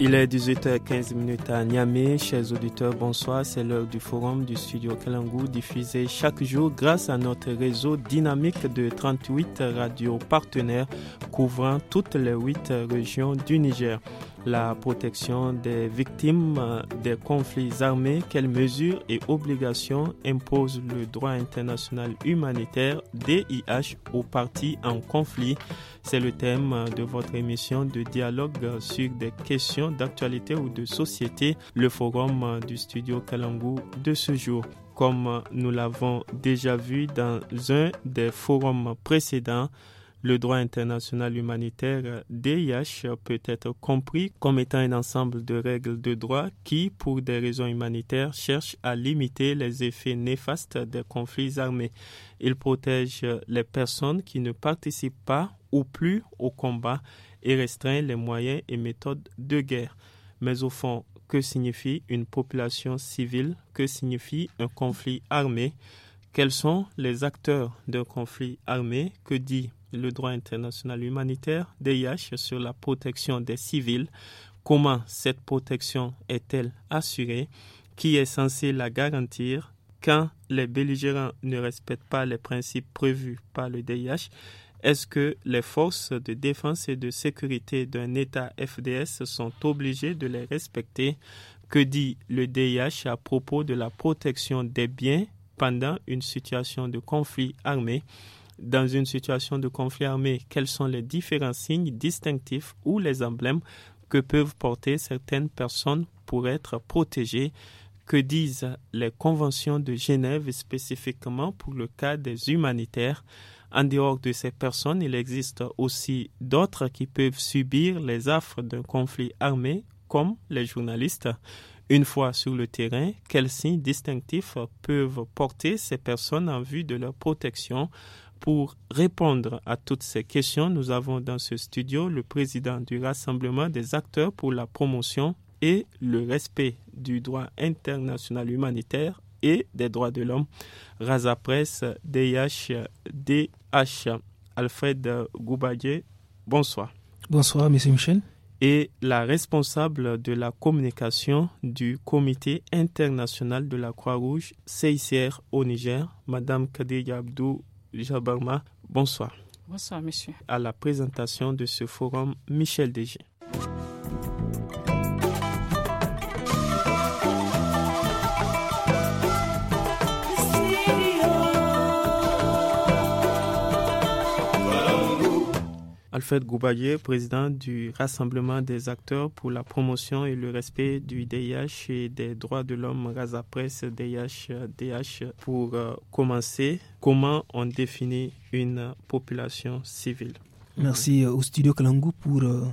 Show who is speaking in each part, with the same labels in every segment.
Speaker 1: Il est 18h15 à Niamey. Chers auditeurs, bonsoir. C'est l'heure du forum du studio Kalangou diffusé chaque jour grâce à notre réseau dynamique de 38 radios partenaires couvrant toutes les 8 régions du Niger la protection des victimes des conflits armés, quelles mesures et obligations impose le droit international humanitaire DIH aux parties en conflit C'est le thème de votre émission de dialogue sur des questions d'actualité ou de société, le forum du studio Kalangou de ce jour comme nous l'avons déjà vu dans un des forums précédents, le droit international humanitaire DIH peut être compris comme étant un ensemble de règles de droit qui, pour des raisons humanitaires, cherche à limiter les effets néfastes des conflits armés. Il protège les personnes qui ne participent pas ou plus au combat et restreint les moyens et méthodes de guerre. Mais au fond, que signifie une population civile Que signifie un conflit armé quels sont les acteurs d'un conflit armé Que dit le droit international humanitaire, DIH, sur la protection des civils. Comment cette protection est-elle assurée Qui est censé la garantir quand les belligérants ne respectent pas les principes prévus par le DIH Est-ce que les forces de défense et de sécurité d'un État FDS sont obligées de les respecter Que dit le DIH à propos de la protection des biens pendant une situation de conflit armé dans une situation de conflit armé, quels sont les différents signes distinctifs ou les emblèmes que peuvent porter certaines personnes pour être protégées, que disent les conventions de Genève spécifiquement pour le cas des humanitaires. En dehors de ces personnes, il existe aussi d'autres qui peuvent subir les affres d'un conflit armé, comme les journalistes. Une fois sur le terrain, quels signes distinctifs peuvent porter ces personnes en vue de leur protection pour répondre à toutes ces questions, nous avons dans ce studio le président du Rassemblement des acteurs pour la promotion et le respect du droit international humanitaire et des droits de l'homme, Raza Press DH, Alfred Goubadier. Bonsoir.
Speaker 2: Bonsoir, Monsieur Michel.
Speaker 1: Et la responsable de la communication du Comité international de la Croix-Rouge, CICR au Niger, Madame Kadeya Abdou bonsoir.
Speaker 3: Bonsoir, monsieur.
Speaker 1: À la présentation de ce forum, Michel Dégé. Alfred Goubaye, président du Rassemblement des acteurs pour la promotion et le respect du DIH et des droits de l'homme Gaza Press DIH DH pour euh, commencer comment on définit une population civile.
Speaker 2: Merci euh, au studio Kalangou pour euh,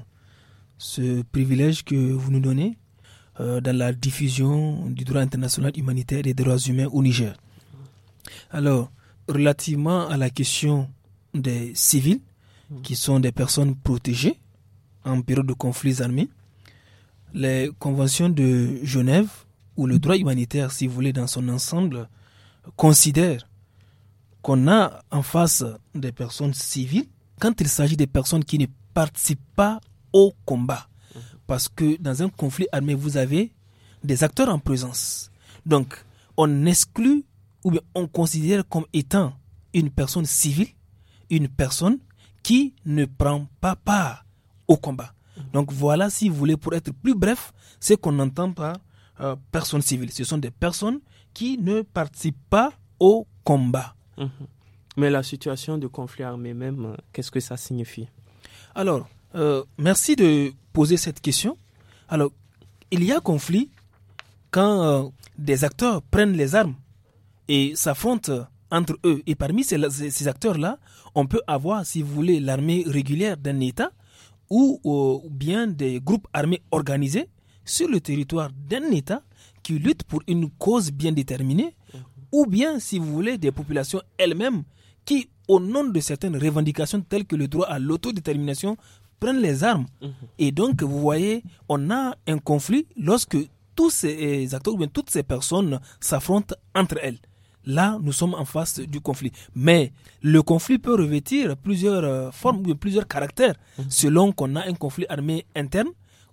Speaker 2: ce privilège que vous nous donnez dans la diffusion du droit international humanitaire et des droits humains au Niger. Alors, relativement à la question des civils, qui sont des personnes protégées en période de conflits armés, les conventions de Genève, ou le droit humanitaire, si vous voulez, dans son ensemble, considèrent qu'on a en face des personnes civiles quand il s'agit des personnes qui ne participent pas au combat. Parce que dans un conflit armé, vous avez des acteurs en présence. Donc, on exclut ou bien on considère comme étant une personne civile, une personne qui ne prend pas part au combat. Mhm. Donc voilà, si vous voulez, pour être plus bref, ce qu'on n'entend pas, euh, personnes civiles. Ce sont des personnes qui ne participent pas au combat. Mhm. Mais la situation de conflit armé même, euh, qu'est-ce que ça signifie Alors, euh, merci de poser cette question. Alors, il y a conflit quand euh, des acteurs prennent les armes et s'affrontent entre eux. Et parmi ces, acteurs-là, on peut avoir, si vous voulez, l'armée régulière d'un État euh, ou, bien des groupes armés organisés sur le territoire d'un État qui luttent pour une cause bien déterminée, ou bien, si vous voulez, des populations elles-mêmes qui, au nom de certaines revendications telles que le droit à l'autodétermination, prennent les armes. Mhm. Et donc, vous voyez, on a un conflit lorsque tous ces euh, acteurs ou toutes ces personnes s'affrontent entre elles là, nous sommes en face du conflit. Mais le conflit peut revêtir plusieurs euh, formes ou plusieurs caractères mhm. selon qu'on a un conflit armé interne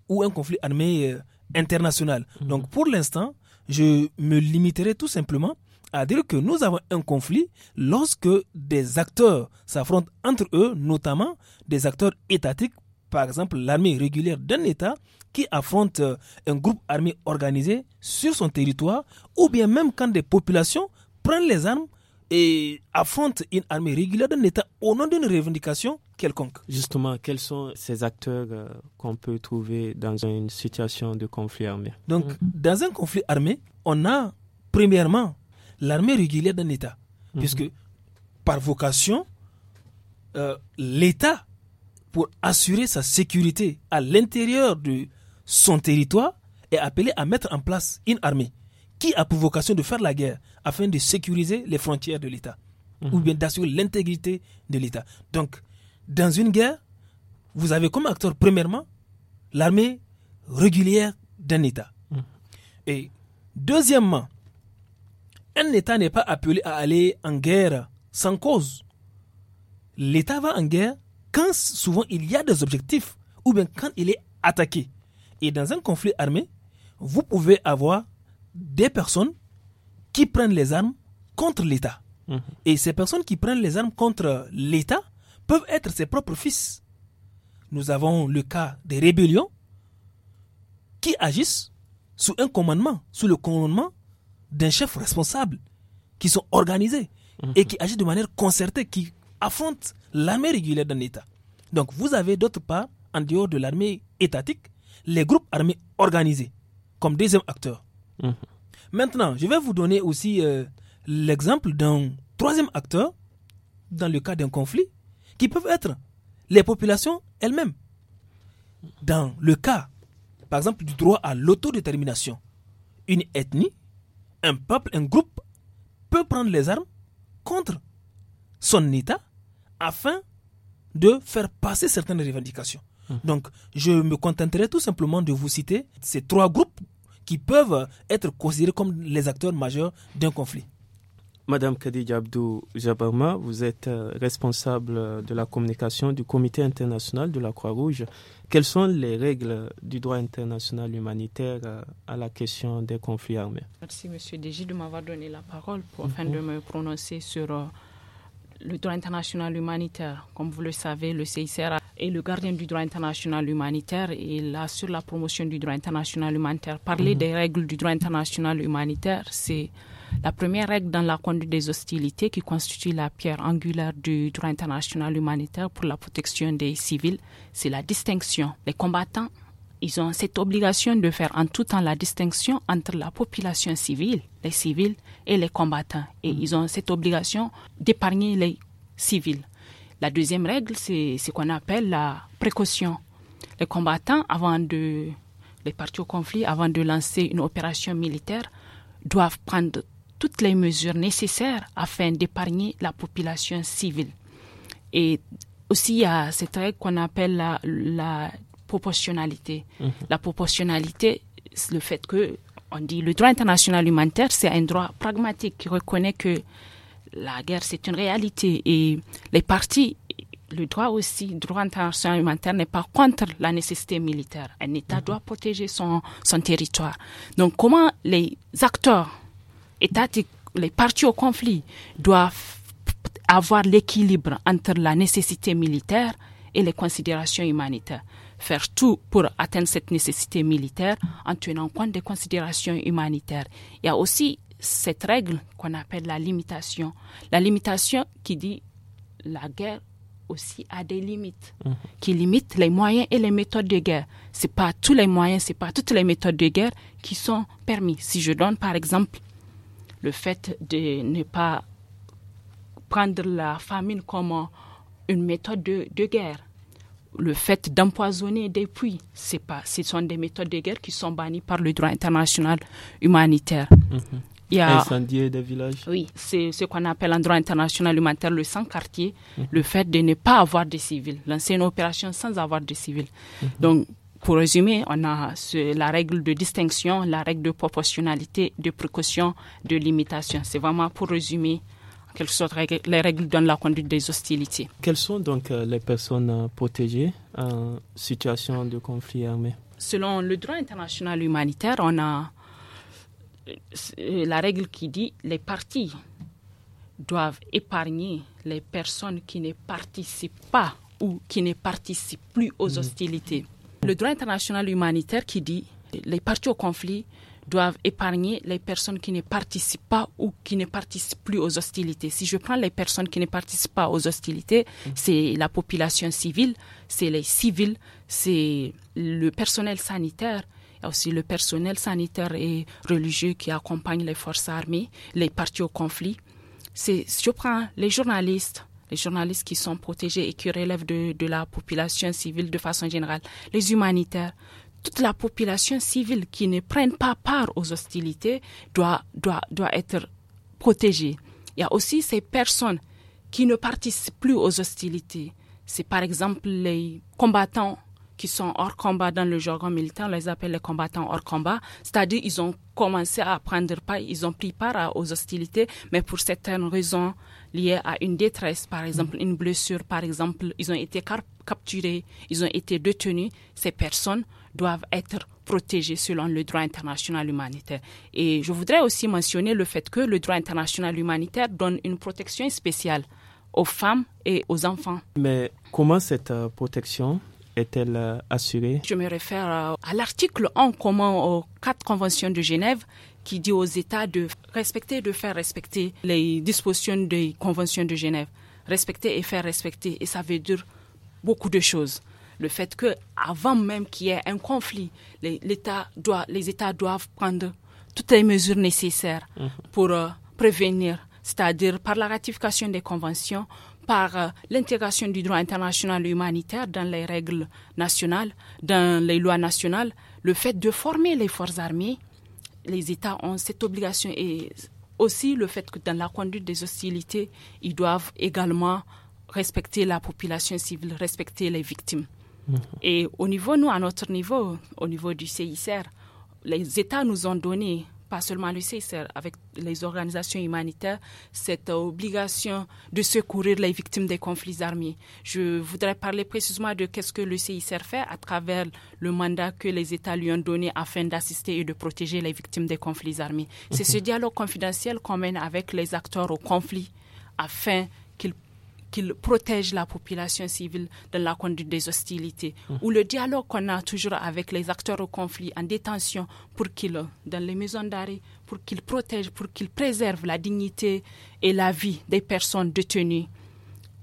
Speaker 2: ou un conflit armé euh, international. Mhm. Donc pour l'instant, je me limiterai tout simplement à dire que nous avons un conflit lorsque des acteurs s'affrontent entre eux, notamment des acteurs étatiques, par exemple l'armée régulière d'un État qui affronte euh, un groupe armé organisé sur son territoire, ou bien même quand des populations prennent les armes et affrontent une armée régulière d'un État au nom d'une revendication quelconque. Justement, quels sont ces acteurs euh, qu'on peut trouver dans une situation
Speaker 1: de conflit armé
Speaker 2: Donc, mm. dans un conflit armé, on a premièrement l'armée régulière d'un État, mm-hmm. puisque par vocation, euh, l'État, pour assurer sa sécurité à l'intérieur de son territoire, est appelé à mettre en place une armée qui a pour vocation de faire la guerre afin de sécuriser les frontières de l'État ou mhm. bien d'assurer l'intégrité de l'État. Donc, dans une guerre, vous avez comme acteur, premièrement, l'armée régulière d'un État. Mhm. Et deuxièmement, un État n'est pas appelé à aller en guerre sans cause. L'État va en guerre quand souvent il y a des objectifs ou bien quand il est attaqué. Et dans un conflit armé, vous pouvez avoir des personnes qui prennent les armes contre l'État. Mhm. Et ces personnes qui prennent les armes contre l'État peuvent être ses propres fils. Nous avons le cas des rébellions qui agissent sous un commandement, sous le commandement d'un chef responsable, qui sont organisés mhm. et qui agissent de manière concertée, qui affrontent l'armée régulière d'un État. Donc vous avez d'autre part, en dehors de l'armée étatique, les groupes armés organisés comme deuxième acteur. Mhm. Maintenant, je vais vous donner aussi euh, l'exemple d'un troisième acteur dans le cas d'un conflit qui peuvent être les populations elles-mêmes. Dans le cas, par exemple, du droit à l'autodétermination, une ethnie, un peuple, un groupe peut prendre les armes contre son État afin de faire passer certaines revendications. Mmh. Donc, je me contenterai tout simplement de vous citer ces trois groupes qui peuvent être considérés comme les acteurs majeurs d'un conflit.
Speaker 1: Madame Khadija Abdou Jabarma, vous êtes euh, responsable euh, de la communication du Comité international de la Croix-Rouge. Quelles sont les règles du droit international humanitaire euh, à la question des conflits armés
Speaker 3: Merci, Monsieur Déji, de m'avoir donné la parole pour, mm-hmm. afin de me prononcer sur le droit international humanitaire. Comme vous le savez, le CICR est le gardien du droit international humanitaire et il assure la promotion du droit international humanitaire, parler mhm. des règles du droit international humanitaire, c'est la première règle dans la conduite des hostilités qui constitue la pierre angulaire du droit international humanitaire pour la protection des civils, c'est la distinction. des combattants ils ont cette obligation de faire en tout temps la distinction entre la population civile, les civils, et les combattants. Et mm. ils ont cette obligation d'épargner les civils. La deuxième règle, c'est ce qu'on appelle la précaution. Les combattants, avant de les parties au conflit, avant de lancer une opération militaire, doivent prendre toutes les mesures nécessaires afin d'épargner la population civile. Et aussi, il y a cette règle qu'on appelle la, la proportionnalité. Mhm. La proportionnalité, c'est le fait que, on dit, le droit international humanitaire, c'est un droit pragmatique qui reconnaît que la guerre, c'est une réalité et les partis, le droit aussi, le droit international humanitaire n'est pas contre la nécessité militaire. Un État mhm. doit protéger son, son territoire. Donc comment les acteurs étatiques, les partis au conflit doivent avoir l'équilibre entre la nécessité militaire et les considérations humanitaires faire tout pour atteindre cette nécessité militaire en tenant compte des considérations humanitaires. Il y a aussi cette règle qu'on appelle la limitation. La limitation qui dit la guerre aussi a des limites, mhm. qui limite les moyens et les méthodes de guerre. Ce n'est pas tous les moyens, ce n'est pas toutes les méthodes de guerre qui sont permis. Si je donne par exemple le fait de ne pas prendre la famine comme une méthode de guerre, le fait d'empoisonner des puits. C'est pas, ce sont des méthodes de guerre qui sont bannies par le droit international humanitaire. Mhm. Il y a, Incendier des villages Oui, c'est ce qu'on appelle en droit international humanitaire le sans-quartier, mhm. le fait de ne pas avoir de civils, lancer une opération sans avoir de civils. Mhm. Donc, pour résumer, on a la règle de distinction, la règle de proportionnalité, de précaution, de limitation. C'est vraiment pour résumer quelles sont les règles dans la conduite des hostilités.
Speaker 1: Quelles sont donc euh, les personnes euh, protégées en situation de conflit armé
Speaker 3: Selon le droit international humanitaire, on a euh, la règle qui dit les partis doivent épargner les personnes qui ne participent pas ou qui ne participent plus aux mm. hostilités. Le droit international humanitaire qui dit les partis au conflit doivent épargner les personnes qui ne participent pas ou qui ne participent plus aux hostilités. Si je prends les personnes qui ne participent pas aux hostilités, mmh. c'est la population civile, c'est les civils, c'est le personnel sanitaire aussi le personnel sanitaire et religieux qui accompagne les forces armées, les parties au conflit. Si je prends les journalistes, les journalistes qui sont protégés et qui relèvent de, la population civile de façon générale, les humanitaires toute la population civile qui ne prenne pas part aux hostilités doit, doit, être protégée. Il y a aussi ces personnes qui ne participent plus aux hostilités. C'est par exemple les combattants qui sont hors combat dans le jargon militaire, on les appelle les combattants hors combat, c'est-à-dire ils ont commencé à prendre part, ils ont pris part aux hostilités, mais pour certaines raisons liées à une détresse, par exemple une blessure, par exemple, ils ont été capturés, ils ont été détenus, ces personnes doivent être protégés selon le droit international humanitaire. Et je voudrais aussi mentionner le fait que le droit international humanitaire donne une protection spéciale aux femmes et aux enfants.
Speaker 1: Mais comment cette euh, protection est-elle euh, assurée
Speaker 3: Je me réfère euh, à l'article 1 commun aux quatre conventions de Genève qui dit aux États de respecter et de faire respecter les dispositions des conventions de Genève. Respecter et faire respecter, et ça veut dire beaucoup de choses le fait que avant même qu'il y ait un conflit, les, doit, les États doivent prendre toutes les mesures nécessaires mhm. pour euh, prévenir, c'est-à-dire par la ratification des conventions, par euh, l'intégration du droit international humanitaire dans les règles nationales, dans les lois nationales, le fait de former les forces armées, les États ont cette obligation et aussi le fait que dans la conduite des hostilités, ils doivent également respecter la population civile, respecter les victimes. Et au niveau, nous, à notre niveau, au niveau du CICR, les États nous ont donné, pas seulement le CICR, avec les organisations humanitaires, cette obligation de secourir les victimes des conflits armés. Je voudrais parler précisément de qu'est-ce que le CICR fait à travers le mandat que les États lui ont donné afin d'assister et de protéger les victimes des conflits armés. C'est ce dialogue confidentiel qu'on mène avec les acteurs au conflit afin qu'ils qu'il protège la population civile de la conduite des hostilités, ou le dialogue qu'on a toujours avec les acteurs au conflit en détention pour qu'ils, dans les maisons d'arrêt, pour qu'ils protègent, pour qu'ils préservent la dignité et la vie des personnes détenues.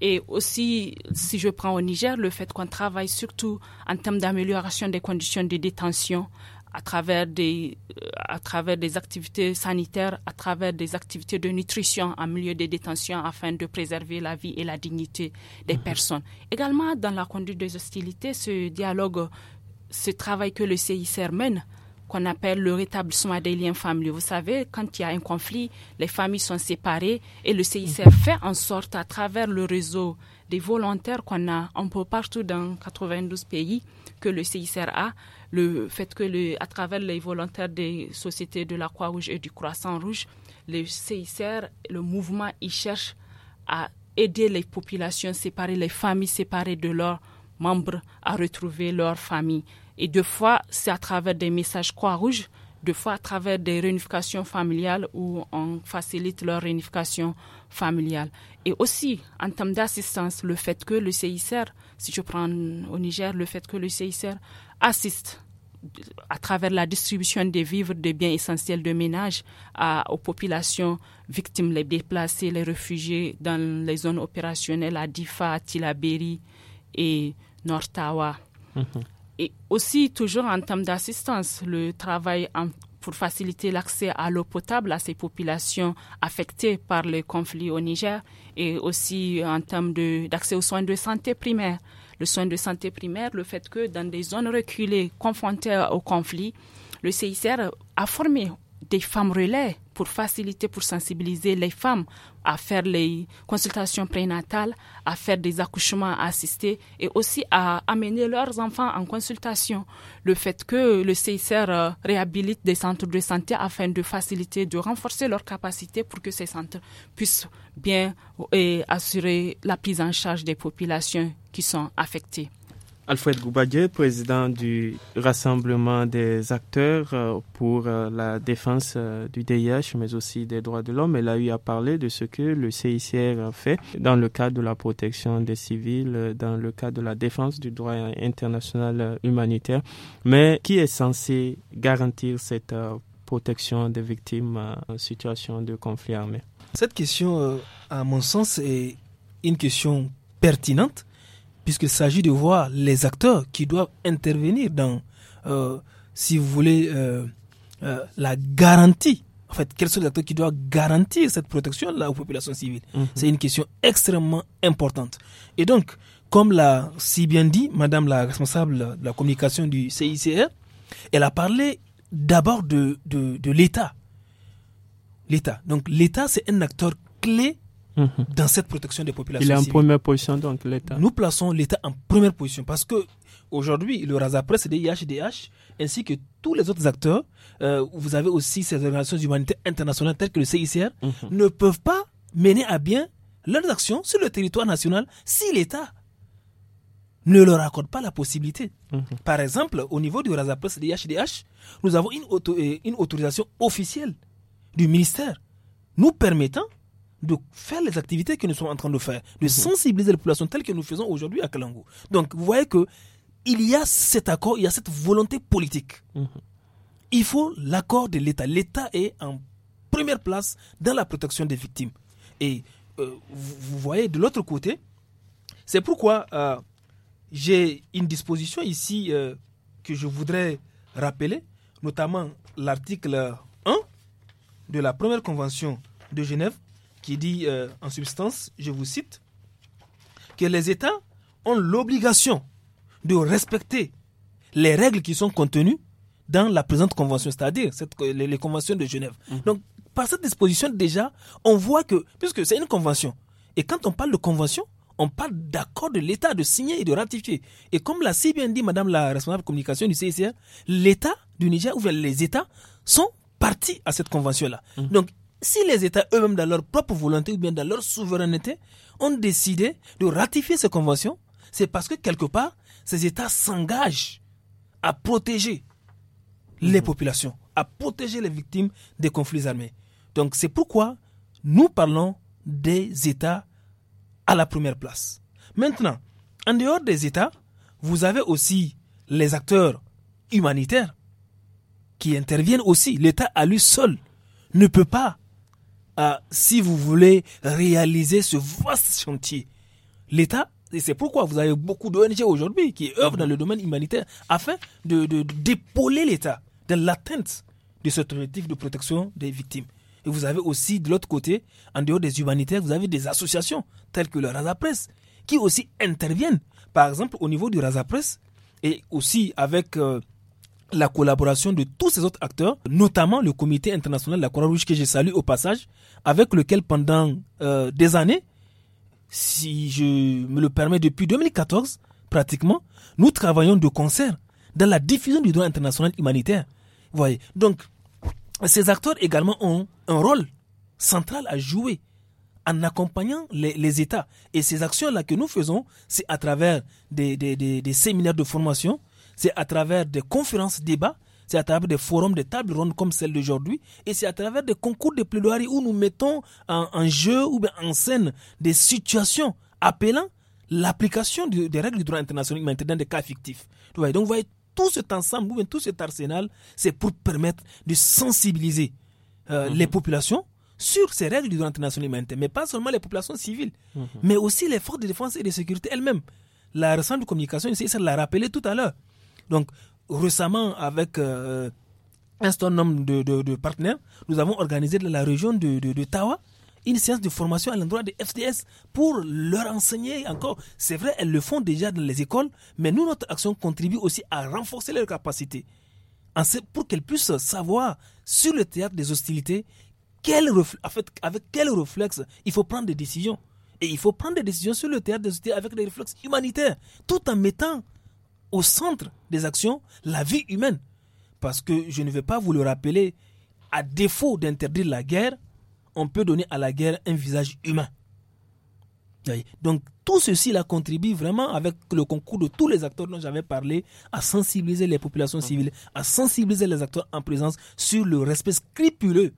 Speaker 3: Et aussi, si je prends au Niger, le fait qu'on travaille surtout en termes d'amélioration des conditions de détention, à travers des, euh, à travers des activités sanitaires, à travers des activités de nutrition en milieu de détention afin de préserver la vie et la dignité des mhm. personnes. Également, dans la conduite des hostilités, ce dialogue, ce travail que le CICR mène, qu'on appelle le rétablissement des liens familiaux. Vous savez, quand il y a un conflit, les familles sont séparées et le CICR mhm. fait en sorte, à travers le réseau des volontaires qu'on a un peu partout dans 92 pays que le CICR a, le fait que, le, à travers les volontaires des sociétés de la Croix-Rouge et du Croissant-Rouge, le CICR, le mouvement, il cherche à aider les populations séparées, les familles séparées de leurs membres à retrouver leur famille. Et deux fois, c'est à travers des messages Croix-Rouge, deux fois à travers des réunifications familiales où on facilite leur réunification familiale. Et aussi, en termes d'assistance, le fait que le CICR, si je prends au Niger, le fait que le CICR assiste à travers la distribution des vivres, des biens essentiels de ménage à, aux populations victimes, les déplacés, les réfugiés dans les zones opérationnelles à Difa, Tilaberi et Nortawa. Mhm. Et aussi, toujours en termes d'assistance, le travail pour faciliter l'accès à l'eau potable à ces populations affectées par les conflit au Niger et aussi en termes d'accès aux soins de santé primaires le soin de santé primaire, le fait que dans des zones reculées confrontées au conflit, le CICR a formé des femmes relais pour faciliter, pour sensibiliser les femmes à faire les consultations prénatales, à faire des accouchements assistés et aussi à amener leurs enfants en consultation. Le fait que le CICR euh, réhabilite des centres de santé afin de faciliter, de renforcer leurs capacités pour que ces centres puissent bien euh, assurer la prise en charge des populations qui sont affectées.
Speaker 1: Alfred Goubadier, président du Rassemblement des acteurs euh, pour euh, la défense euh, du DIH, mais aussi des droits de l'homme, elle a eu à parler de ce que le CICR fait dans le cadre de la protection des civils, dans le cadre de la défense du droit international humanitaire, mais qui est censé garantir cette protection des victimes en situation de conflit armé.
Speaker 2: Cette question, à mon sens, est une question pertinente puisqu'il s'agit de voir les acteurs qui doivent intervenir dans, euh, si vous voulez, euh, euh, la garantie. En fait, quels sont les acteurs qui doivent garantir cette protection-là aux populations civiles mhm. C'est une question extrêmement importante. Et donc, comme l'a si bien dit Madame la responsable de la communication du CICR, elle a parlé d'abord de, de, de l'État. L'État. Donc l'État, c'est un acteur clé Mhm. dans cette protection des populations. Il est en première position, donc l'État. Nous plaçons l'État en première position parce que aujourd'hui, le RASAPRES, des IHDH, ainsi que tous les autres acteurs, euh, vous avez aussi ces organisations humanitaires internationales telles que le CICR, mhm. ne peuvent pas mener à bien leurs actions sur le territoire national si l'État ne leur accorde pas la possibilité. Mhm. Par exemple, au niveau du et des IHDH, nous avons euh, une autorisation officielle du ministère nous permettant de faire les activités que nous sommes en train de faire, de mhm. sensibiliser la population telle que nous faisons aujourd'hui à Kalango. Donc, vous voyez que il y a cet accord, il y a cette volonté politique. Mhm. Il faut l'accord de l'État. L'État est en première place dans la protection des victimes. Et euh, vous, voyez, de l'autre côté, c'est pourquoi euh, j'ai une disposition ici euh, que je voudrais rappeler, notamment l'article 1 de la première convention de Genève qui dit euh, en substance, je vous cite, que les États ont l'obligation de respecter les règles qui sont contenues dans la présente convention, c'est-à-dire euh, les, conventions de Genève. Mhm. Donc, par cette disposition, déjà, on voit que, puisque c'est une convention, et quand on parle de convention, on parle d'accord de l'État de signer et de ratifier. Et comme l'a si bien dit Madame la responsable de communication du CICR, e l'État du Niger, ou bien les États, sont partis à cette convention-là. Mhm. Donc, si les États eux-mêmes, dans leur propre volonté ou bien dans leur souveraineté, ont décidé de ratifier ces conventions, c'est parce que quelque part, ces États s'engagent à protéger les mhm. populations, à protéger les victimes des conflits armés. Donc c'est pourquoi nous parlons des États à la première place. Maintenant, en dehors des États, vous avez aussi les acteurs humanitaires qui interviennent aussi. L'État à lui seul ne peut pas euh, si vous voulez réaliser ce vaste chantier, l'État, et c'est pourquoi vous avez beaucoup d'ONG aujourd'hui qui œuvrent dans le domaine humanitaire afin de, d'épauler l'État dans l'atteinte de cette politique de protection des victimes. Et vous avez aussi, de l'autre côté, en dehors des humanitaires, vous avez des associations telles que le Raza qui aussi interviennent, par exemple, au niveau du Raza et aussi avec euh, la collaboration de tous ces autres acteurs, notamment le comité international de la Croix-Rouge que j'ai salué au passage, avec lequel pendant euh, des années, si je me le permets depuis 2014 pratiquement, nous travaillons de concert dans la diffusion du droit international humanitaire. voyez, donc ces acteurs également ont un rôle central à jouer en accompagnant les, États. Et ces actions-là que nous faisons, c'est à travers des séminaires de formation, c'est à travers des conférences, débats, c'est à travers des forums, des tables rondes comme celle d'aujourd'hui, et c'est à travers des concours de plaidoirie où nous mettons en, jeu ou en scène des situations appelant l'application des règles du droit international dans des cas fictifs. Donc vous voyez, tout cet ensemble, tout cet arsenal, c'est pour permettre de sensibiliser euh, mhm. les populations sur ces règles du droit international humanitaire, mais pas seulement les populations civiles, mhm. mais aussi les forces de défense et de sécurité elles-mêmes. La récente communication, ici, ça l'a rappelé tout à l'heure. Donc, récemment, avec euh, un certain nombre de, partenaires, nous avons organisé dans la région de, Tawa une séance de formation à l'endroit des FDS pour leur enseigner encore. C'est vrai, elles le font déjà dans les écoles, mais nous, notre action contribue aussi à renforcer leurs capacités pour qu'elles puissent savoir sur le théâtre des hostilités avec quel réflexe il faut prendre des décisions. Et il faut prendre des décisions sur le théâtre des hostilités avec des réflexes humanitaires, tout en mettant au centre des actions la vie humaine. Parce que je ne vais pas vous le rappeler, à défaut d'interdire la guerre, on peut donner à la guerre un visage humain. Donc tout ceci là contribue vraiment avec le concours de tous les acteurs dont j'avais parlé à sensibiliser les populations mm-hmm. civiles, à sensibiliser les acteurs en présence sur le respect scrupuleux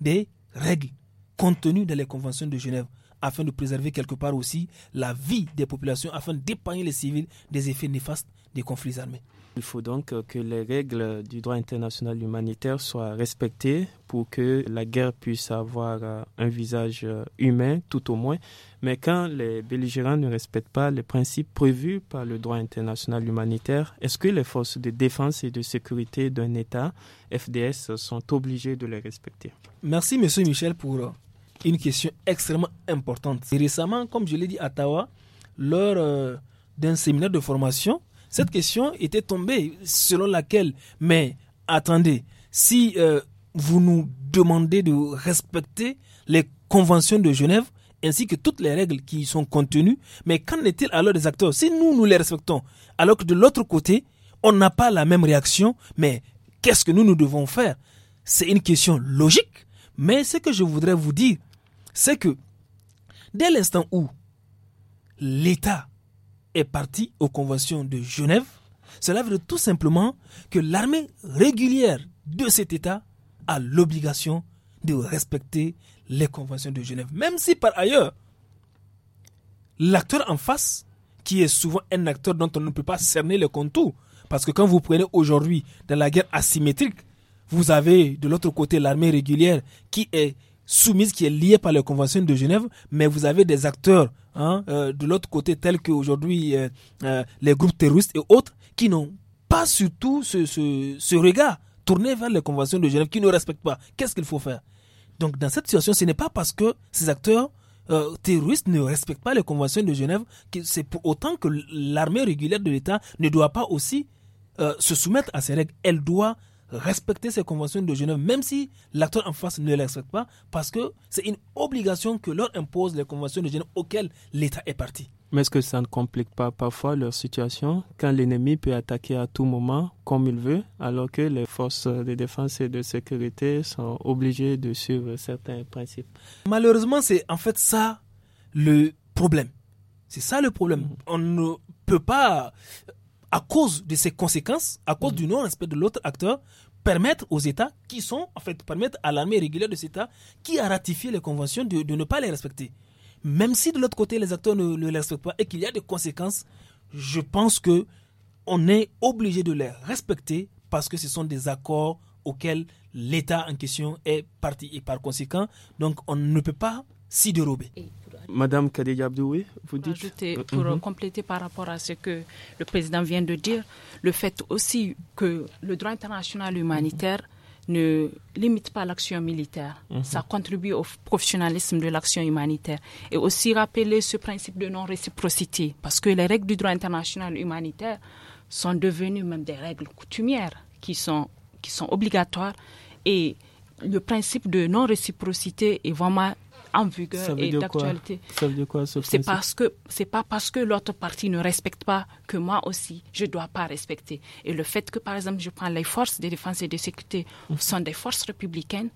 Speaker 2: des règles contenues dans les conventions de Genève afin de préserver quelque part aussi la vie des populations, afin d'épargner les civils des effets néfastes des conflits armés.
Speaker 1: Il faut donc euh, que les règles du droit international humanitaire soient respectées pour que la guerre puisse avoir euh, un visage euh, humain, tout au moins. Mais quand les belligérants ne respectent pas les principes prévus par le droit international humanitaire, est-ce que les forces de défense et de sécurité d'un État, FDS, sont obligées de les respecter
Speaker 2: Merci, Monsieur Michel, pour une question extrêmement importante. récemment, comme je l'ai dit à Tawa, lors euh, d'un séminaire de formation, cette question était tombée selon laquelle, mais attendez, si euh, vous nous demandez de respecter les conventions de Genève, ainsi que toutes les règles qui y sont contenues, mais qu'en est-il alors des acteurs Si nous, nous les respectons, alors que de l'autre côté, on n'a pas la même réaction, mais qu'est-ce que nous, nous devons faire C'est une question logique, mais ce que je voudrais vous dire, c'est que dès l'instant où l'État est parti aux conventions de Genève, cela veut tout simplement que l'armée régulière de cet État a l'obligation de respecter les conventions de Genève. Même si par ailleurs, l'acteur en face, qui est souvent un acteur dont on ne peut pas cerner le contour parce que quand vous prenez aujourd'hui dans la guerre asymétrique, vous avez de l'autre côté l'armée régulière qui est soumise qui est liée par les conventions de Genève, mais vous avez des acteurs hein, euh, de l'autre côté tels qu'aujourd'hui euh, euh, les groupes terroristes et autres qui n'ont pas surtout ce, regard tourné vers les conventions de Genève, qui ne respectent pas. Qu'est-ce qu'il faut faire Donc dans cette situation, ce n'est pas parce que ces acteurs terroristes ne respectent pas les conventions de Genève, c'est pour autant que l'armée régulière de l'État ne doit pas aussi se soumettre à ces règles. Elle doit respecter ces conventions de Genève, même si l'acteur en face ne les respecte pas, parce que c'est une obligation que leur impose les conventions de Genève auxquelles l'État est parti.
Speaker 1: Mais est-ce que ça ne complique pas parfois leur situation quand l'ennemi peut attaquer à tout moment comme il veut, alors que les forces de
Speaker 2: défense et de sécurité sont obligées de suivre certains principes Malheureusement, c'est en fait ça le problème. C'est ça le problème. Mm. On ne peut pas à cause de ces conséquences, à cause mm. du non-respect de l'autre acteur, permettre aux États qui sont, en fait, permettre à l'armée régulière de cet État qui a ratifié les conventions de, ne pas les respecter. Même si de l'autre côté, les acteurs ne, les respectent pas et qu'il y a des conséquences, je pense que on est obligé de les respecter parce que ce sont des accords auxquels l'État en question est parti. Et par conséquent, donc on ne peut pas s'y dérober.
Speaker 3: Madame Kadeja vous dites euh, Pour mhm. compléter par rapport à ce que le président vient de dire, le fait aussi que le droit international humanitaire ne limite pas l'action militaire. Mhm. Ça contribue au professionnalisme de l'action humanitaire. Et aussi rappeler ce principe de non-réciprocité, parce que les règles du droit international humanitaire sont devenues même des règles coutumières qui sont, qui sont obligatoires. Et le principe de non-réciprocité est vraiment en vigueur et d'actualité. C'est parce que c'est pas parce que l'autre parti ne respecte pas que moi aussi je dois pas respecter. Et le fait que par exemple je prends les forces de défense et de sécurité mhm. sont des forces républicaines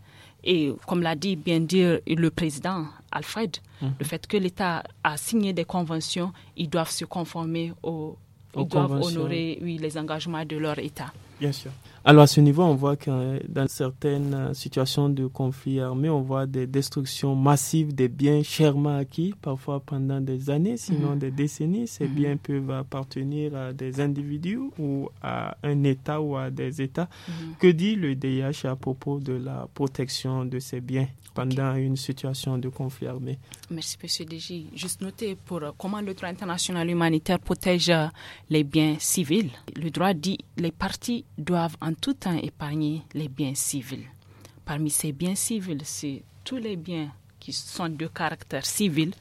Speaker 3: et comme l'a dit bien dire le président Alfred, mhm. le fait que l'État a signé des conventions, ils doivent se conformer aux, doivent honorer les engagements de leur État.
Speaker 1: Bien sûr. Alors à ce niveau, on voit que euh, dans certaines euh, situations de conflit armé, on voit des destructions massives des biens chèrement acquis, parfois pendant des années, sinon mhm. des décennies. Ces mhm. biens peuvent appartenir à des individus ou à un État ou à des États. Mhm. Que dit le DIH à propos de la protection de ces biens pendant une situation de conflit armé.
Speaker 3: Merci, M. DG. Juste noter pour euh, comment le droit international humanitaire protège euh, les biens civils. Le droit dit les parties doivent en tout temps épargner les biens civils. Parmi ces biens civils, c'est tous les biens qui sont de caractère civil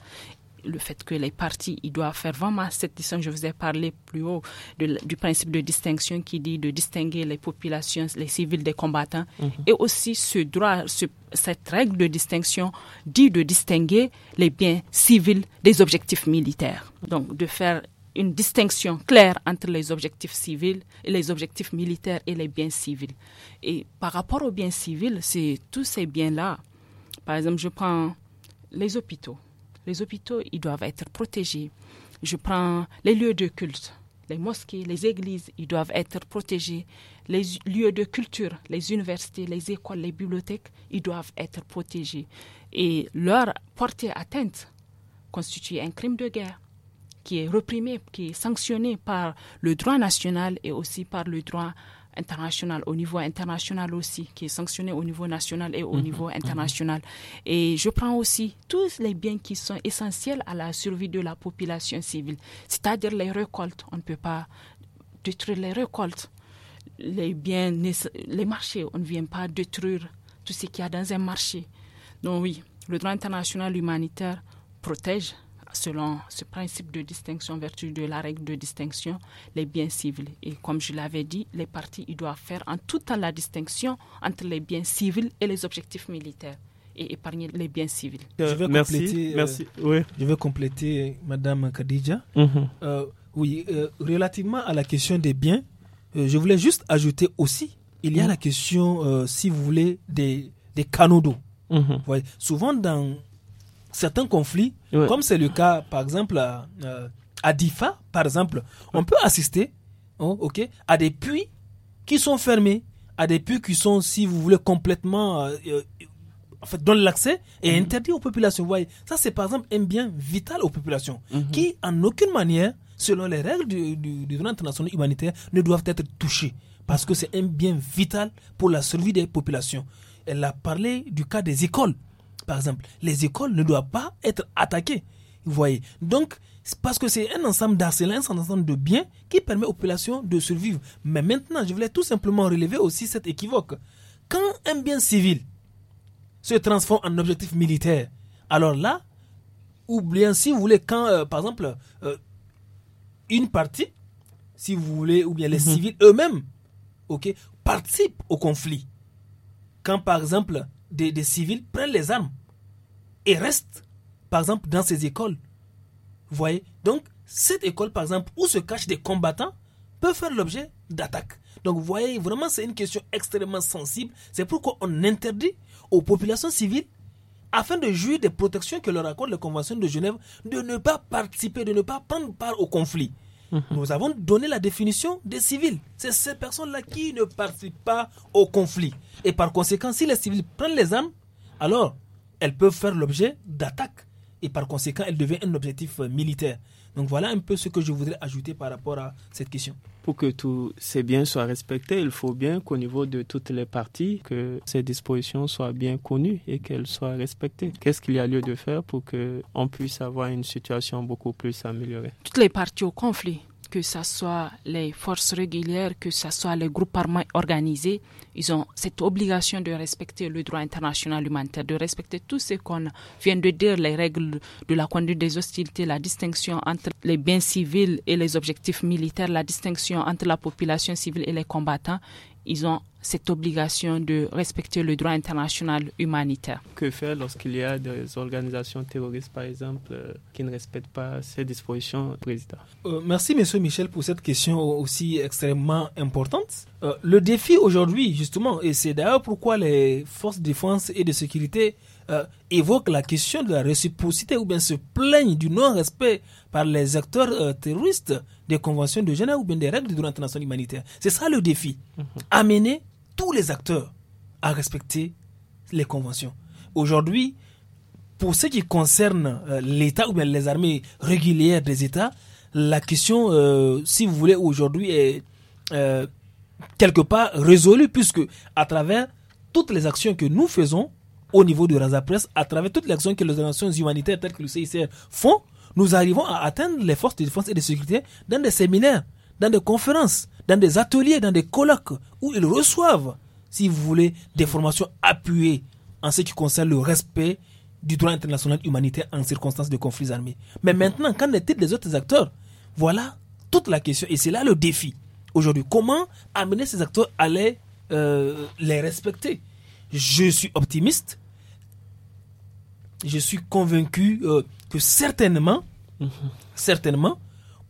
Speaker 3: le fait que les partis, doivent faire vraiment cette distinction. Je vous ai parlé plus haut du principe de distinction qui dit de distinguer les populations, les civils des combattants. Mhm. Et aussi ce droit, cette règle de distinction dit de distinguer les biens civils des objectifs militaires. Donc de faire une distinction claire entre les objectifs civils et les objectifs militaires et les biens civils. Et par rapport aux biens civils, c'est tous ces biens-là. Par exemple, je prends les hôpitaux les hôpitaux, ils doivent être protégés. Je prends les lieux de culte, les mosquées, les églises, ils doivent être protégés. Les lieux de culture, les universités, les écoles, les bibliothèques, ils doivent être protégés. Et leur portée atteinte constitue un crime de guerre qui est réprimé, qui est sanctionné par le droit national et aussi par le droit international, au niveau international aussi, qui est sanctionné au niveau national et au mhm, niveau mhm. international. Et je prends aussi tous les biens qui sont essentiels à la survie de la population civile, c'est-à-dire les récoltes. On ne peut pas détruire les récoltes. Les biens, les marchés, on ne vient pas détruire tout ce qu'il y a dans un marché. Donc oui, le droit international humanitaire protège selon ce principe de distinction, vertu de la règle de distinction, les biens civils. Et comme je l'avais dit, les partis doivent faire en tout temps la distinction entre les biens civils et les objectifs militaires et épargner les biens civils. je euh,
Speaker 2: merci, compléter, euh, merci. oui. Je vais compléter Madame Khadija. Mhm. Euh, oui, relativement à la question des biens, je voulais juste ajouter aussi, il y a mhm. la question, si vous voulez, des, canaux d'eau. Mhm. souvent dans certains conflits, comme c'est le cas, par exemple, à, euh, Difa, par exemple, on peut assister hein, à des puits qui sont fermés, à des puits qui sont, si vous voulez, complètement. Euh, euh, en fait, donne l'accès et mm-hmm. interdit aux populations. voyez, ça, c'est par exemple un bien vital aux populations mm-hmm. qui, en aucune manière, selon les règles du, du droit international humanitaire, ne doivent être touchés parce que c'est un bien vital pour la survie des populations. Elle a parlé du cas des écoles. Par exemple, les écoles ne doivent pas être attaquées. Vous voyez Donc, parce que c'est un ensemble d'arsenal, un ensemble de biens qui permet aux populations de survivre. Mais maintenant, je voulais tout simplement relever aussi cet équivoque. Quand un bien civil se transforme en objectif militaire, alors là, ou bien si vous voulez, quand, euh, par exemple, euh, une partie, si vous voulez, ou bien les mhm. civils eux-mêmes, ok, participent au conflit. Quand, par exemple, des, civils prennent les armes et restent, par exemple, dans ces écoles. voyez Donc, cette école, par exemple, où se cachent des combattants, peut faire l'objet d'attaques. Donc, vous voyez, vraiment, c'est une question extrêmement sensible. C'est pourquoi on interdit aux populations civiles, afin de jouir des protections que leur accorde la Convention de Genève, de ne pas participer, de ne pas prendre part au conflit. Mhm. Nous avons donné la définition des civils. C'est ces personnes-là qui ne participent pas au conflit. Et par conséquent, si les civils prennent les armes, alors elles peuvent faire l'objet d'attaques et par conséquent, elle devient un objectif euh, militaire. Donc voilà un peu ce que je voudrais ajouter par rapport à cette question.
Speaker 1: Pour que tous ces biens soient respectés, il faut bien qu'au niveau de toutes les parties, que ces dispositions soient bien connues et qu'elles soient respectées. Qu'est-ce qu'il y a lieu de faire pour qu'on puisse avoir une situation beaucoup plus améliorée
Speaker 3: Toutes les parties au conflit que ce soit les forces régulières, que ce soit les groupes armés organisés, ils ont cette obligation de respecter le droit international humanitaire, de respecter tout ce qu'on vient de dire, les règles de la conduite des hostilités, la distinction entre les biens civils et les objectifs militaires, la distinction entre la population civile et les combattants ils ont cette obligation de respecter le droit international humanitaire.
Speaker 1: Que faire lorsqu'il y a des organisations terroristes, par exemple, euh, qui ne respectent pas ces dispositions, Président
Speaker 2: euh, Merci, Monsieur Michel, pour cette question aussi extrêmement importante. Euh, le défi aujourd'hui, justement, et c'est d'ailleurs pourquoi les forces de défense et de sécurité euh, évoque la question de la réciprocité ou bien se plaignent du non-respect par les acteurs euh, terroristes des conventions de Genève ou bien des règles de droit international humanitaire. C'est ça le défi. Mhm. Amener tous les acteurs à respecter les conventions. Aujourd'hui, pour ce qui concerne euh, l'État ou bien les armées régulières des États, la question, si vous voulez, aujourd'hui est quelque part résolue puisque à travers toutes les actions que nous faisons, au niveau du Raza Press, à travers toute l'action que les organisations humanitaires telles que le CICR font, nous arrivons à atteindre les forces de défense et de sécurité dans des séminaires, dans des conférences, dans des ateliers, dans des colloques, où ils reçoivent, si vous voulez, des formations appuyées en ce qui concerne le respect du droit international humanitaire en circonstances de conflits armés. Mais maintenant, qu'en est-il des autres acteurs Voilà toute la question. Et c'est là le défi aujourd'hui. Comment amener ces acteurs à les euh, respecter Je suis optimiste je suis convaincu euh, que certainement, certainement,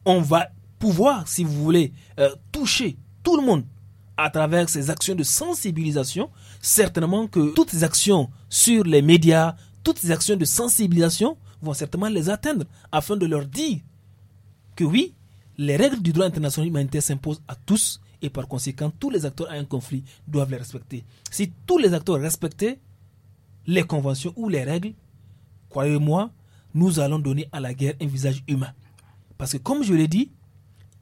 Speaker 2: on va pouvoir, si vous voulez, euh, toucher tout le monde à travers ces actions de sensibilisation. Certainement que toutes ces actions sur les médias, toutes ces actions de sensibilisation vont certainement les atteindre afin de leur dire que oui, les règles du droit international humanitaire s'imposent à tous et par conséquent, tous les acteurs à un conflit doivent les respecter. Si tous les acteurs respectaient les conventions ou les règles, croyez-moi, nous allons donner à la guerre un visage humain. Parce que comme je l'ai dit,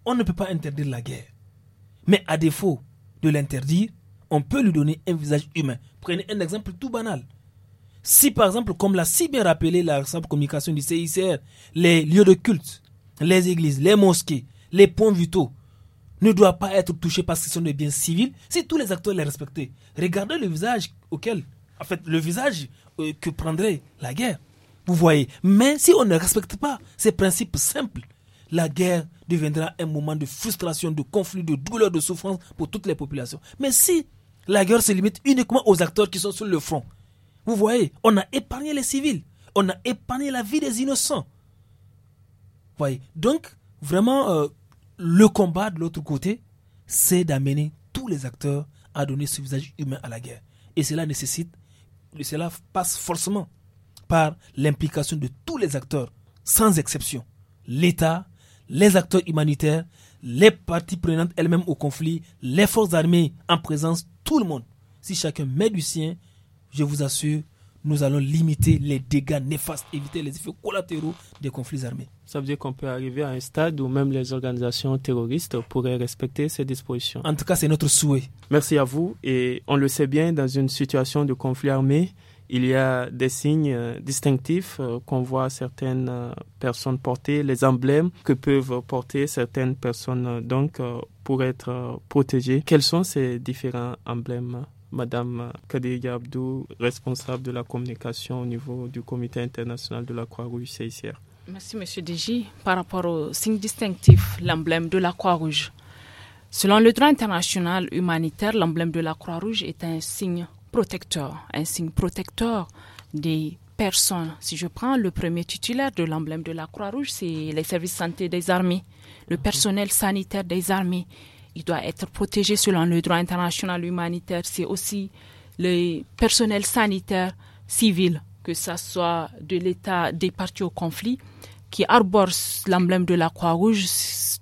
Speaker 2: on ne peut pas interdire la guerre. Mais à défaut de l'interdire, on peut lui donner un visage humain. Prenez un exemple tout banal. Si par exemple, comme l'a si bien rappelé la simple communication du CICR, les lieux de culte, les églises, les mosquées, les points vitaux ne doivent pas être touchés parce qu'ils sont des biens civils, si tous les acteurs les respectaient, regardez le visage auquel, en fait, le visage euh, que prendrait la guerre. Vous voyez. même si on ne respecte pas ces principes simples, la guerre deviendra un moment de frustration, de conflit, de douleur, de souffrance pour toutes les populations. Mais si la guerre se limite uniquement aux acteurs qui sont sur le front, vous voyez, on a épargné les civils, on a épargné la vie des innocents. voyez. Donc, vraiment, euh, le combat de l'autre côté, c'est d'amener tous les acteurs à donner ce visage humain à la guerre. Et cela nécessite, cela passe forcément par l'implication de tous les acteurs, sans exception. L'État, les acteurs humanitaires, les parties prenantes elles-mêmes au conflit, les forces armées en présence, tout le monde. Si chacun met du sien, je vous assure, nous allons limiter les dégâts néfastes, éviter les effets collatéraux des conflits armés.
Speaker 1: Ça veut dire qu'on peut arriver à un stade où même les organisations terroristes pourraient respecter ces dispositions. En tout cas,
Speaker 2: c'est notre souhait.
Speaker 1: Merci à vous. Et on le sait bien, dans une situation de conflit armé, il y a des signes euh, distinctifs euh, qu'on voit certaines euh, personnes porter, les emblèmes que peuvent porter certaines personnes donc pour être protégées. Quels sont ces différents emblèmes Madame Kadiria Abdou, responsable de la communication au niveau du Comité international de la Croix-Rouge CICR.
Speaker 3: Merci, Monsieur Deji. Par rapport au signe distinctif, l'emblème de la Croix-Rouge. Selon le droit international humanitaire, l'emblème de la Croix-Rouge est un signe protecteur, un signe protecteur des personnes. Si je prends le premier titulaire de l'emblème de la Croix-Rouge, c'est les services santé des armées, le mhm. personnel sanitaire des armées. Il doit être protégé selon le droit international humanitaire. C'est aussi le personnel sanitaire civil, que ce soit de l'État des parties au conflit, qui arborent l'emblème de la Croix-Rouge,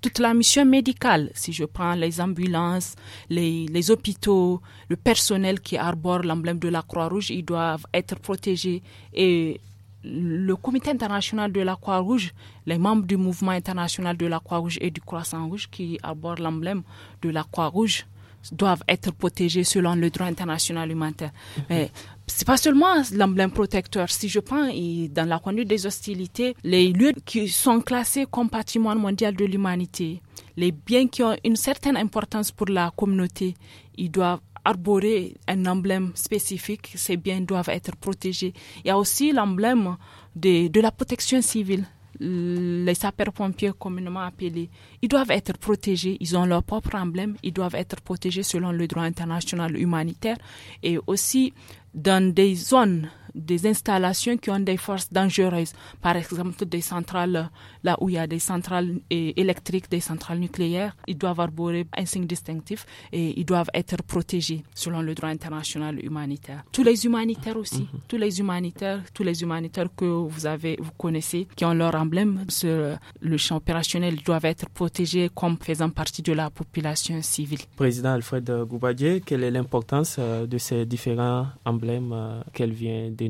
Speaker 3: toute la mission médicale. Si je prends les ambulances, les, hôpitaux, le personnel qui arbore l'emblème de la Croix-Rouge, ils doivent être protégés. Et le comité international de la Croix-Rouge, les membres du mouvement international de la Croix-Rouge et du Croissant-Rouge qui arborent l'emblème de la Croix-Rouge, doivent être protégés selon le droit international humanitaire. Mais c'est pas seulement l'emblème protecteur. Si je prends dans la conduite des hostilités, les lieux qui sont classés comme patrimoine mondial de l'humanité, les biens qui ont une certaine importance pour la communauté, ils doivent arborer un emblème spécifique. Ces biens doivent être protégés. Il y a aussi l'emblème de, de la protection civile les sapeurs-pompiers communément appelés, ils doivent être protégés, ils ont leur propre emblème, ils doivent être protégés selon le droit international humanitaire et aussi dans des zones des installations qui ont des forces dangereuses, par exemple des centrales, là où il y a des centrales eh, électriques, des centrales nucléaires, ils doivent arborer un signe distinctif et ils doivent être protégés selon le droit international humanitaire. Tous les humanitaires aussi, mm-hmm. tous les humanitaires, tous les humanitaires que vous avez, vous connaissez, qui ont leur emblème sur le champ opérationnel, doivent être protégés comme faisant partie de la population civile.
Speaker 1: Président Alfred Goubadier, quelle est l'importance euh, de ces différents emblèmes euh, qu'elle vient de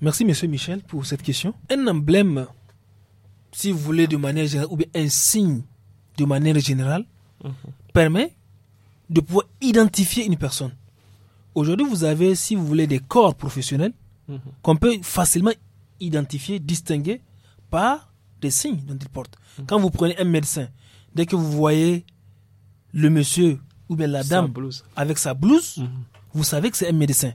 Speaker 2: Merci, monsieur Michel, pour cette question. Un emblème, si vous voulez, de manière générale, ou bien un signe de manière générale, mhm. permet de pouvoir identifier une personne. Aujourd'hui, vous avez, si vous voulez, des corps professionnels mhm. qu'on peut facilement identifier, distinguer par des signes dont ils portent. Mhm. Quand vous prenez un médecin, dès que vous voyez le monsieur ou bien la dame avec sa blouse, vous savez que c'est un médecin.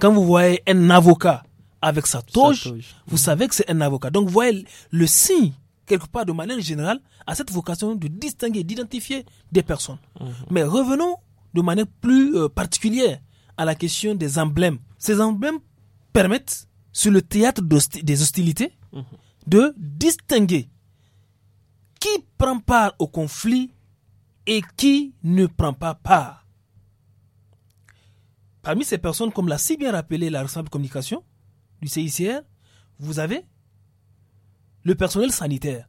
Speaker 2: Quand vous voyez un avocat avec sa toge, vous savez que c'est un avocat. Donc, vous voyez le signe, quelque part de manière générale, à cette vocation de distinguer, d'identifier des personnes. Mhm. Mais revenons de manière plus euh, particulière à la question des emblèmes. Ces emblèmes permettent, sur le théâtre des hostilités, mhm. de distinguer qui prend part au conflit et qui ne prend pas part. Parmi ces personnes, comme l'a si bien rappelé la de communication du CICR, vous avez le personnel sanitaire.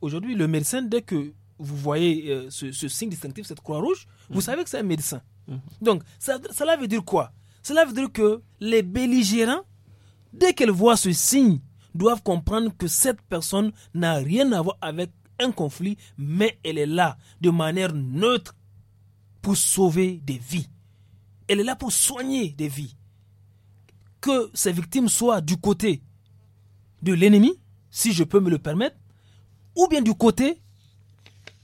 Speaker 2: Aujourd'hui, le médecin, dès que vous voyez euh, ce, signe distinctif, cette croix rouge, vous mm. savez que c'est un médecin. Mm. Donc, cela veut dire quoi Cela veut dire que les belligérants, dès qu'elles voient ce signe, doivent comprendre que cette personne n'a rien à voir avec un conflit, mais elle est là de manière neutre pour sauver des vies. Elle est là pour soigner des vies. Que ces victimes soient du côté de l'ennemi, si je peux me le permettre, ou bien du côté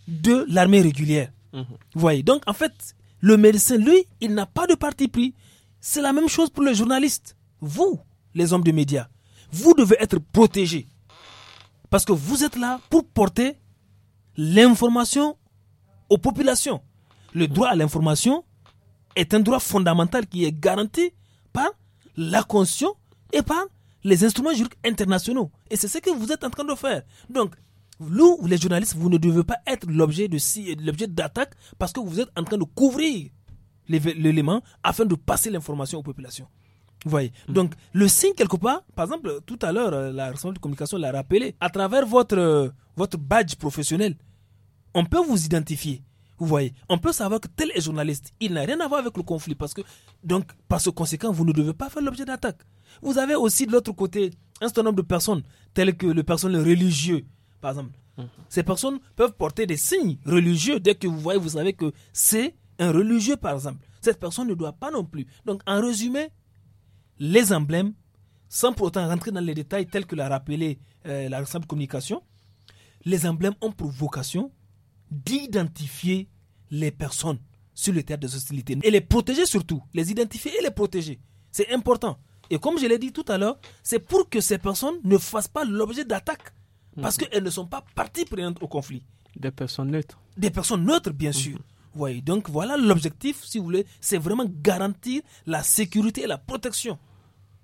Speaker 2: de l'armée régulière. Mhm. Vous voyez, donc en fait, le médecin, lui, il n'a pas de parti pris. C'est la même chose pour le journaliste. Vous, les hommes de médias, vous devez être protégés. Parce que vous êtes là pour porter l'information aux populations. Le droit à l'information, est un droit fondamental qui est garanti par la conscience et par les instruments juridiques internationaux. Et c'est ce que vous êtes en train de faire. Donc, nous, les journalistes, vous ne devez pas être l'objet d'attaque parce que vous êtes en train de couvrir l'élément afin de passer l'information aux populations. Vous voyez. Hmm. Donc, le signe, quelque part, par exemple, tout à l'heure, euh, la responsable de communication l'a rappelé, à travers votre, euh, votre badge professionnel, on peut vous identifier. Vous voyez, on peut savoir que tel est journaliste. Il n'a rien à voir avec le conflit parce que, donc, par ce conséquent, vous ne devez pas faire l'objet d'attaque. Vous avez aussi de l'autre côté un certain nombre de personnes, telles que les personnes religieuses, par exemple. Hum. Ces personnes peuvent porter des signes religieux dès que vous voyez, vous savez que c'est un religieux, par exemple. Cette personne ne doit pas non plus. Donc, en résumé, les emblèmes, sans pour autant rentrer dans les détails tels que l'a rappelé euh, la simple communication, les emblèmes ont pour vocation d'identifier les personnes sur le théâtre des hostilités et les protéger surtout, les identifier et les protéger. C'est important. Et comme je l'ai dit tout à l'heure, c'est pour que ces personnes ne fassent pas l'objet d'attaques parce mhm. qu'elles ne sont pas parties prenantes au conflit. Des personnes neutres. Des personnes neutres, bien sûr. Mhm. voyez donc voilà l'objectif, si vous voulez, c'est vraiment garantir la sécurité et la protection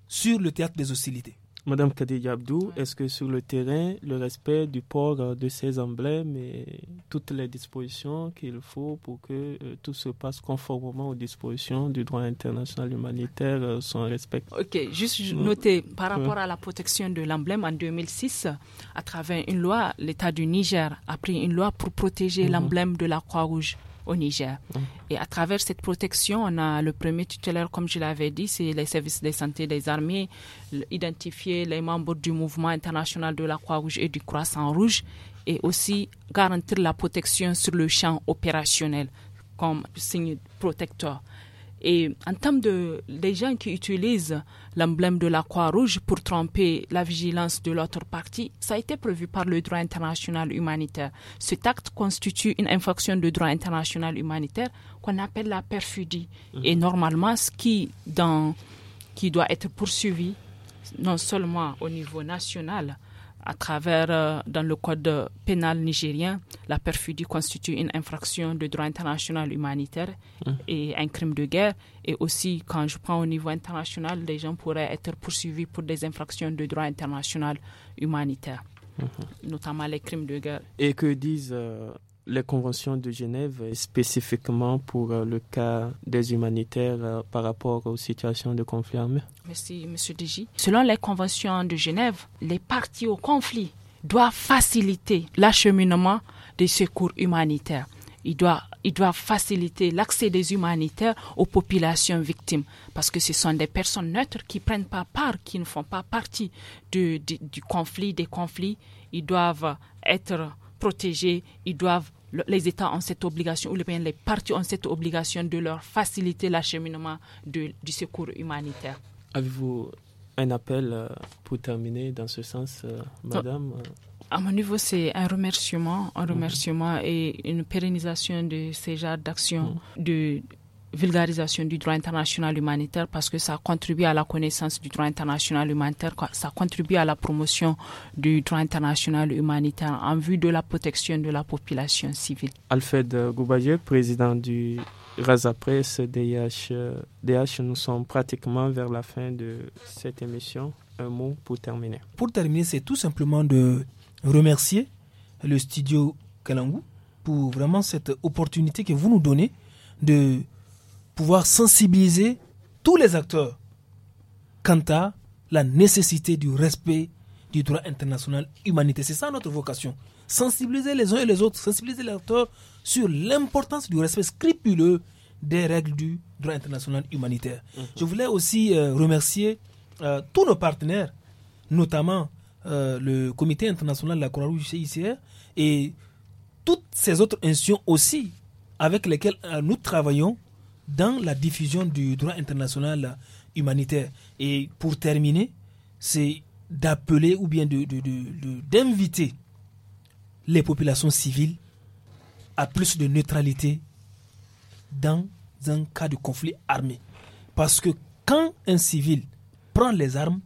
Speaker 2: sur le théâtre des hostilités.
Speaker 1: Madame Khadija Abdou, est-ce que sur le terrain, le respect du port euh, de ces emblèmes et toutes les dispositions qu'il faut pour que euh, tout se passe conformément aux dispositions du droit international humanitaire euh, sont respectées Ok, juste noter par rapport à
Speaker 3: la protection de l'emblème en 2006, à travers une loi, l'État du Niger a pris une loi pour protéger mhm. l'emblème de la Croix-Rouge au Niger. Mm. Et à travers cette protection, on a le premier tutelaire, comme je l'avais dit, c'est les services de santé des armées, identifier les membres du mouvement international de la Croix-Rouge et du Croissant-Rouge, et aussi garantir la protection sur le champ opérationnel comme signe protecteur. Et en termes de les gens qui utilisent l'emblème de la Croix-Rouge pour tromper la vigilance de l'autre partie, ça a été prévu par le droit international humanitaire. Cet acte constitue une infraction de droit international humanitaire qu'on appelle la perfidie. Mhm. Et normalement, ce qui doit être poursuivi, non seulement au niveau national, à travers, euh, dans le code pénal nigérien, la perfidie constitue une infraction de droit international humanitaire hein. et un crime de guerre. Et aussi, quand je prends au niveau international, les gens pourraient être poursuivis pour des infractions de droit international humanitaire, hein, hein. notamment les crimes de guerre.
Speaker 1: Et que disent euh, les conventions de Genève, spécifiquement pour euh, le cas des humanitaires euh, par rapport aux situations de conflit armé
Speaker 3: Merci, Monsieur Diji. Selon les conventions de Genève, les parties au conflit doivent faciliter l'acheminement des secours humanitaires. Ils doivent ils doivent faciliter l'accès des humanitaires aux populations victimes, parce que ce sont des personnes neutres qui ne prennent pas part, qui ne font pas partie du conflit, des conflits. Ils doivent être protégés, ils doivent les États ont cette obligation, ou bien les partis ont cette obligation de leur faciliter l'acheminement du secours humanitaire.
Speaker 1: Avez-vous un appel euh, pour terminer dans ce sens, euh, Madame
Speaker 3: à mon niveau, c'est un remerciement, un mhm. remerciement et une pérennisation de ces genres d'actions, mhm. de vulgarisation du droit international humanitaire parce que ça contribue à la connaissance du droit international humanitaire, ça contribue à la promotion du droit international humanitaire en vue de la protection de la population civile.
Speaker 1: Alfred Goubaye, président du Raza DH, DH, nous sommes pratiquement vers la fin de cette émission. Un mot pour terminer.
Speaker 2: Pour terminer, c'est tout simplement de remercier le studio Kalangu pour vraiment cette opportunité que vous nous donnez de pouvoir sensibiliser tous les acteurs quant à la nécessité du respect du droit international humanitaire. C'est ça notre vocation. Sensibiliser les uns et les autres, sensibiliser les acteurs sur l'importance du respect scrupuleux des règles du droit international humanitaire. Mhm. Je voulais aussi euh, remercier euh, tous nos partenaires, notamment euh, le Comité international de la Croix-Rouge CICR et toutes ces autres institutions aussi avec lesquelles nous travaillons dans la diffusion du droit international humanitaire. Et pour terminer, c'est d'appeler ou bien d'inviter de, les populations civiles à plus de neutralité dans un cas de conflit armé. Parce que quand un civil prend les armes,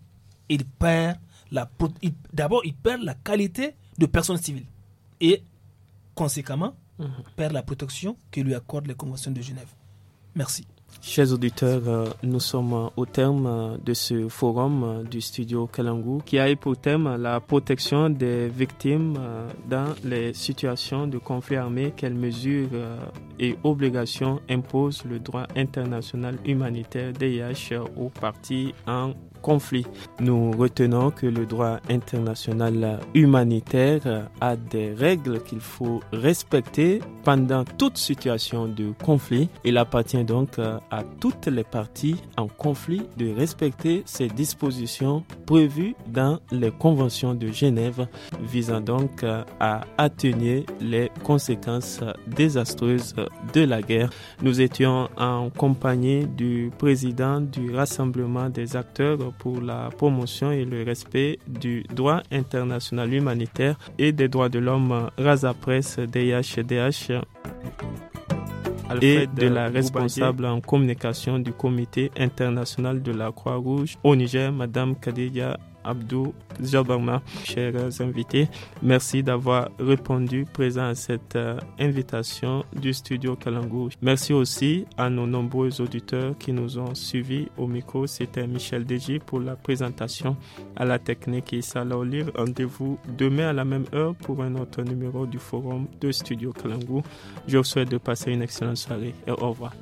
Speaker 2: il perd la d'abord il perd la qualité de personne civile et conséquemment mhm. perd la protection que lui accordent les conventions de Genève.
Speaker 1: Merci. Chers auditeurs, euh, nous sommes euh, au terme euh, de ce forum du studio Kalangu qui a pour thème la protection des victimes dans les situations de conflit armé, quelles mesures et obligations impose le droit international humanitaire DIH aux parties en conflit. Nous retenons que le droit international humanitaire a des règles qu'il faut respecter pendant toute situation de conflit. Il appartient donc à toutes les parties en conflit de respecter ces dispositions prévues dans les conventions de Genève visant donc à atténuer les conséquences désastreuses de la guerre. Nous étions en compagnie du président du Rassemblement des acteurs pour la promotion et le respect du droit international humanitaire et des droits de l'homme Raza Press DHDH et de la responsable en communication du comité international de la Croix-Rouge au Niger, Madame Kadija Abdou Zabarma, chers invités. Merci d'avoir répondu présent à cette euh, invitation du studio Kalangou. Merci aussi à nos nombreux auditeurs qui nous ont suivis au micro. C'était Michel Deji pour la présentation à la technique et Salaolir. Rendez-vous demain à la même heure pour un autre numéro du forum de Studio Kalangou. Je vous souhaite de passer une excellente soirée et au revoir.